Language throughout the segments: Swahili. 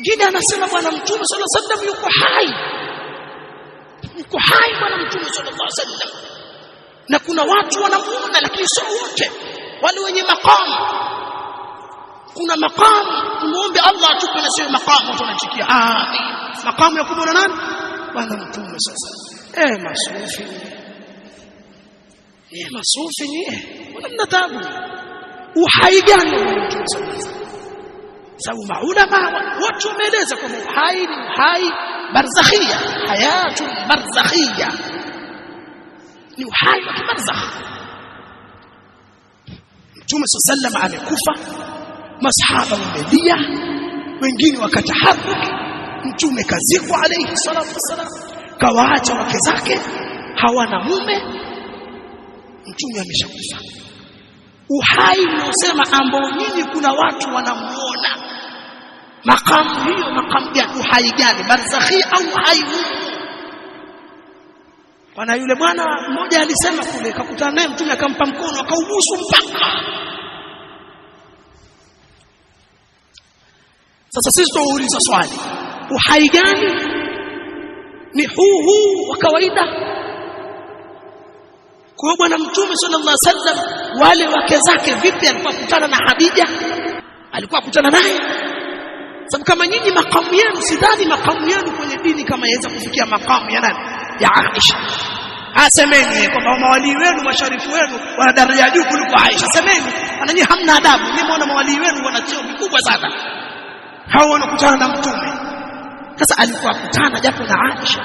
mwingine anasema bwana mtume sallallahu alaihi wasallam yuko hai yuko hai bwana mtume sallallahu alaihi wasallam na kuna watu wanamuona lakini sio wote wale wenye makamu kuna makamu tumuombe Allah atupe na sio makamu tunachikia amin makamu ya kumwona nani bwana mtume sasa eh masufi eh masufi ni wala mna uhai gani wa mtume sallallahu alaihi wasallam sababu maulama wote wameeleza kwamba uhai ni uhai barzakhia, hayatu barzakhia, ni uhai wa kibarzakh. Mtume saa sallam amekufa, masahaba wamelia, wengine wakataharuki, mtume kazikwa alayhi salatu wassalam, kawaacha wake zake hawana mume, mtume ameshakufa. Uhai unaosema ambao nyinyi kuna watu wanamuona makamu hiyo makamu gani uhai gani barzakhi au uhai huu bwana yule mwana mmoja alisema kule kakutana naye mtume akampa mkono akaubusu mpaka sasa sisi tuuliza swali uhai gani ni huu huu wa kawaida kwa hiyo bwana mtume sallallahu alaihi wasallam wale wake zake vipi alikuwa kutana na Hadija alikuwa kutana naye sababu kama nyinyi makamu yenu, sidhani makamu yenu kwenye dini kama yaweza kufikia makamu ya nani, ya Aisha. Asemeni kwamba mawalii wenu masharifu wenu wana daraja juu kuliko Aisha. Semeni nyinyi hamna adabu. Nimeona mawalii wenu wana cheo kikubwa sana, hao wanakutana na Mtume. Sasa alikuwa akutana japo na Aisha.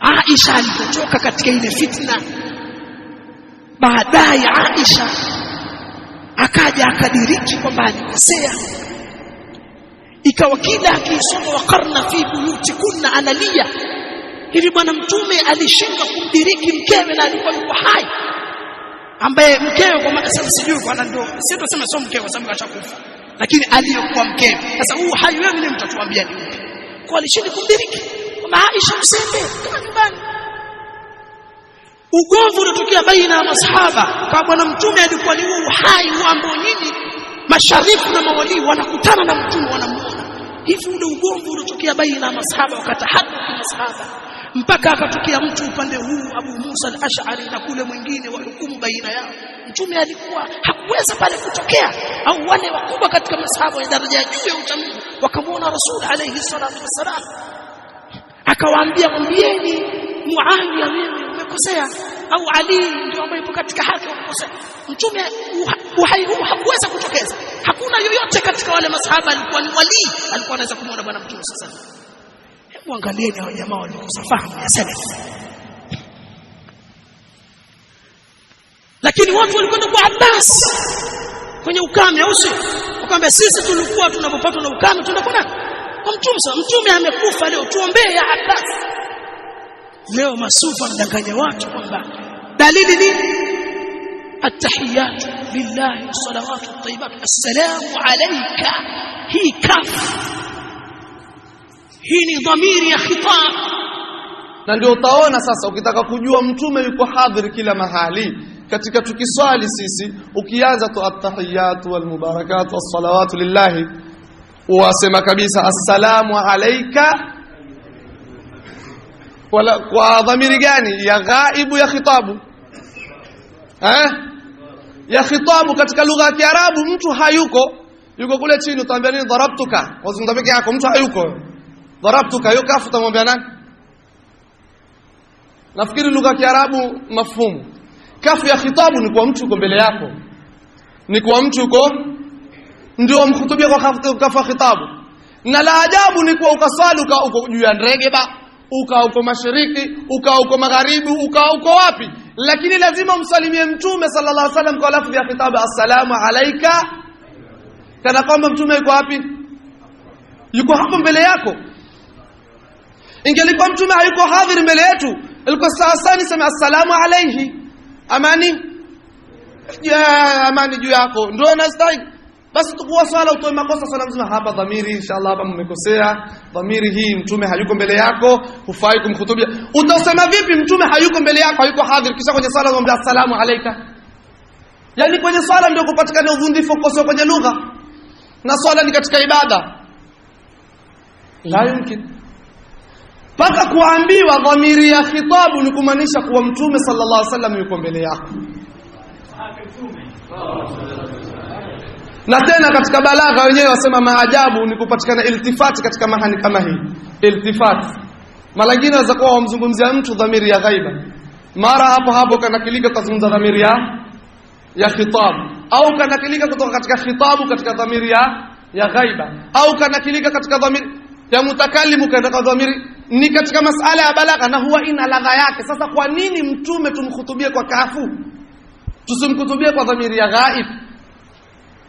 Aisha alipotoka katika ile fitna, baadaye Aisha akaja akadiriki kwamba alikosea ikawa kila akiisoma waqarna fi buyuti buyutikunna analia hivi. Bwana Mtume alishindwa kumdiriki mkewe na alikuwa yuko hai, ambaye mkewe kwa maana sasa sijui kwa ndio tuseme sio mkewe kwa sababu kashakufa, lakini aliyokuwa mkewe. Sasa huu hai wewe ni mtatuambia ni upi? Kwa alishindi kumdiriki kama Aisha mseme kama nyumbani. Ugomvi unatokea baina ya masahaba, kwa Bwana Mtume alikuwa ni huu hai ambao nyinyi masharifu na mawalii wanakuta baina baina masahaba, wakatahaddathu masahaba, mpaka akatokea mtu upande huu Abu Musa al-Ash'ari na kule mwingine, wahukumu baina yao. Mtume alikuwa hakuweza pale kutokea, au wale wakubwa katika masahaba ya daraja ya juu ya uchamungu wakamwona Rasul alayhi salatu wassalam, akawaambia mwambieni Muawiya, mimi umekosea au Ali ndio ambaye ipo katika haki, umekosea. Mtume uhai huu hakuweza kutokeza Hakuna yoyote katika wale masahaba alikuwa ni walii, alikuwa anaweza kumwona bwana mtume sasa. Hebu angalie hao jamaa walikosa fahamu ya salaf, lakini watu walikwenda kwa Abbas kwenye ukame, au sio? Wakamwambia sisi tulikuwa tunapopatwa na ukame tunakwenda kwa mtume. Sasa mtume amekufa leo, tuombee ya Abbas. Leo masufu anadanganya watu kwamba dalili nini التحيات لله الصلوات الطيبات السلام عليك هي كف هي ضمير يا خطاب na ndio utaona sasa ukitaka kujua mtume yuko hadhir kila mahali katika tukiswali sisi ukianza tu attahiyatu walmubarakatu wassalawatu lillahi wasema kabisa assalamu alayka wala kwa dhamiri gani ya ghaibu ya khitabu eh ya khitabu katika lugha ya Kiarabu, mtu hayuko, yuko kule chini, utaambia nini? Dharabtuka, wazungumza peke yako, mtu hayuko. Dharabtuka hiyo kafu utamwambia nani? Nafikiri lugha ya Kiarabu mafhumu. Kafu ya khitabu ni kwa mtu uko mbele yako, ni kwa mtu uko ndio mkhutubia kwa kafu ya khitabu. Na la ajabu ni kwa ukaswali uko juu ya ndege ba uka uko mashariki uka uko magharibi uka uko wapi lakini lazima umsalimie mtume sallallahu alaihi wasallam kwa lafdhi ya khitabu assalamu alaika kana kwamba mtume yuko wapi yuko hapo mbele yako ingelikuwa mtume hayuko hadhir mbele yetu ilikuwa sawasawa sema assalamu alaihi amani ya amani juu yako ndio anastahili basi tukua swala utoe makosa swala mzima hapa. Dhamiri inshallah, hapa mmekosea. Dhamiri hii mtume hayuko mbele yako, hufai kumkhutubia Utasema vipi mtume hayuko mbele yako, hayuko hadhir, kisha kwenye swala mwambie asalamu alayka? Yani kwenye swala ndio kupatikana uvundifu, kukosoa kwenye lugha, na swala ni katika ibada, la yumkin paka kuambiwa dhamiri ya khitabu ni kumaanisha kuwa mtume sallallahu alaihi wasallam yuko mbele yako na tena katika balagha wenyewe wasema maajabu ni kupatikana iltifati katika mahali kama hii. Iltifati mara nyingine waweza kuwa wamzungumzia mtu dhamiri ya ghaiba, mara hapo hapo kanakilika kuzungumza dhamiri ya ya khitab, au kanakilika kutoka katika khitabu katika dhamiri ya ya ghaiba, au kanakilika katika dhamiri ya mutakalimu katika dhamiri. Ni katika masala ya balagha na huwa ina ladha yake. Sasa kwa nini mtume tumkhutubie kwa kafu, tusimkhutubie kwa dhamiri ya ghaib?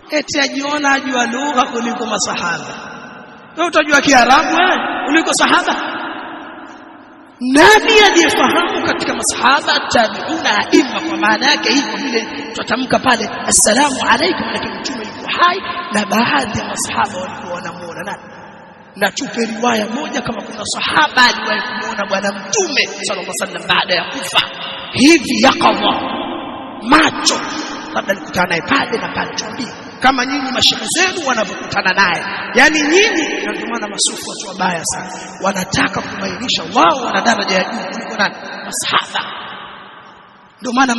eti ajiona ajua lugha kuliko masahaba. Wewe utajua Kiarabu wewe eh? kuliko sahaba? Nani aliyefahamu katika masahaba tabiuna aima? Kwa maana yake hivyo vile tutatamka pale assalamu alaikum, lakini mtume yuko hai na baadhi ya masahaba walikuwa wanamuona nani. Na tupe riwaya moja kama kuna sahaba aliwahi kumuona bwana mtume sallallahu alaihi wasallam baada ya kufa hivi, yakawa macho labda alikutana naye pale na pale, tuambie kama nyinyi mashehe zenu wanavyokutana naye. Yaani nyinyi, ndio maana masufu watu wabaya sana, wanataka kubainisha wao wana daraja ya juu kuliko nani? Masahaba. Ndio maana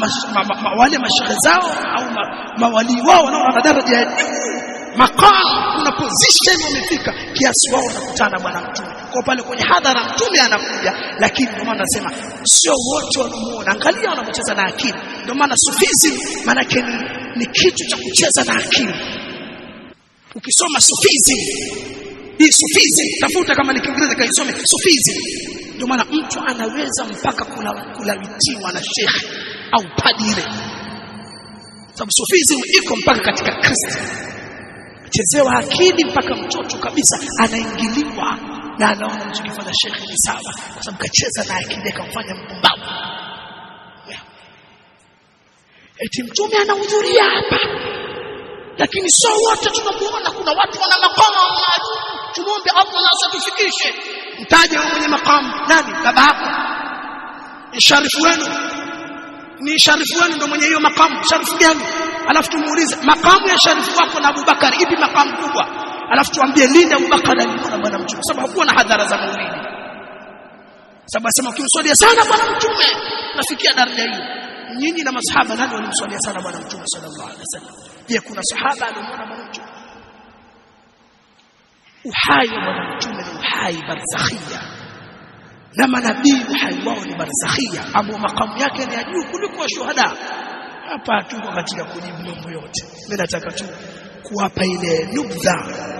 wale mashehe zao au mawalii wao wanaona wana daraja ya juu makaa, kuna position wamefika kiasi, wao wanakutana bwana mtume kwa pale kwenye hadhara, mtume anakuja. Lakini ndio maana nasema sio wote wanamuona, angalia wanapocheza na akili. Ndio maana sufizi maanake ni ni kitu cha kucheza na akili. Ukisoma sufism, hii sufism tafuta kama ni Kiingereza kaisome sufism. Ndio maana mtu anaweza mpaka kulawitiwa na shekhe au padire, sababu sufism iko mpaka katika Kristo, chezewa akili mpaka mtoto kabisa anaingiliwa na anaona anachokifanya shekhe ni sawa, kwa sababu kacheza na akili akamfanya mpumbavu eti mtume anahudhuria hapa, lakini sio wote tunakuona. Kuna watu wana makamu maalum. Tumwombe Allah asatufikishe. Mtaje mwenye makamu nani? Baba yako sharifu wenu ni sharifu wenu, ndio mwenye hiyo makamu. Sharifu gani? Alafu tumuulize makamu ya sharifu wako na Abubakari, ipi makamu kubwa? Alafu tuambie lini Abubakari alikuwa bwana mtume, sababu hakuwa na hadhara za maulidi, sababu asema ukimswalia sana bwana mtume nafikia daraja hiyo nyinyi na masahaba nani walimswalia sana bwana mtume sallallahu alaihi wasallam je kuna sahaba alimuona bwana mtume uhai wa bwana mtume ni uhai barzakhia na manabii uhai wao ni barzakhia ambao makamu yake ni juu kuliko shuhada hapa tuko katika kujibu mambo yote mimi nataka tu kuwapa ile nubdha